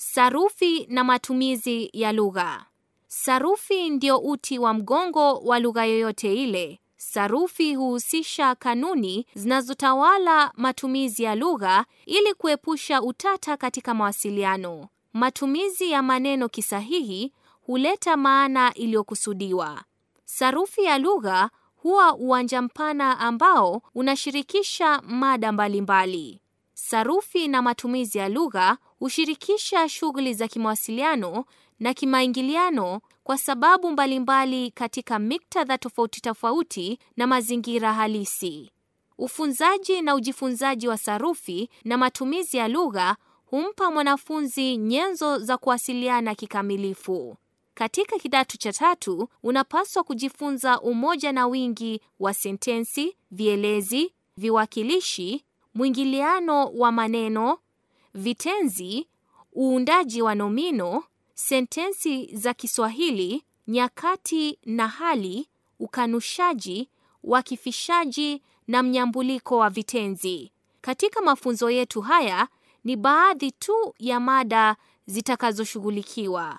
Sarufi na matumizi ya lugha. Sarufi ndio uti wa mgongo wa lugha yoyote ile. Sarufi huhusisha kanuni zinazotawala matumizi ya lugha ili kuepusha utata katika mawasiliano. Matumizi ya maneno kisahihi huleta maana iliyokusudiwa. Sarufi ya lugha huwa uwanja mpana ambao unashirikisha mada mbalimbali. Sarufi na matumizi ya lugha hushirikisha shughuli za kimawasiliano na kimaingiliano kwa sababu mbalimbali katika miktadha tofauti tofauti na mazingira halisi. Ufunzaji na ujifunzaji wa sarufi na matumizi ya lugha humpa mwanafunzi nyenzo za kuwasiliana kikamilifu. Katika kidato cha tatu, unapaswa kujifunza umoja na wingi wa sentensi, vielezi, viwakilishi mwingiliano wa maneno, vitenzi, uundaji wa nomino, sentensi za Kiswahili, nyakati na hali, ukanushaji, wakifishaji na mnyambuliko wa vitenzi. Katika mafunzo yetu haya ni baadhi tu ya mada zitakazoshughulikiwa.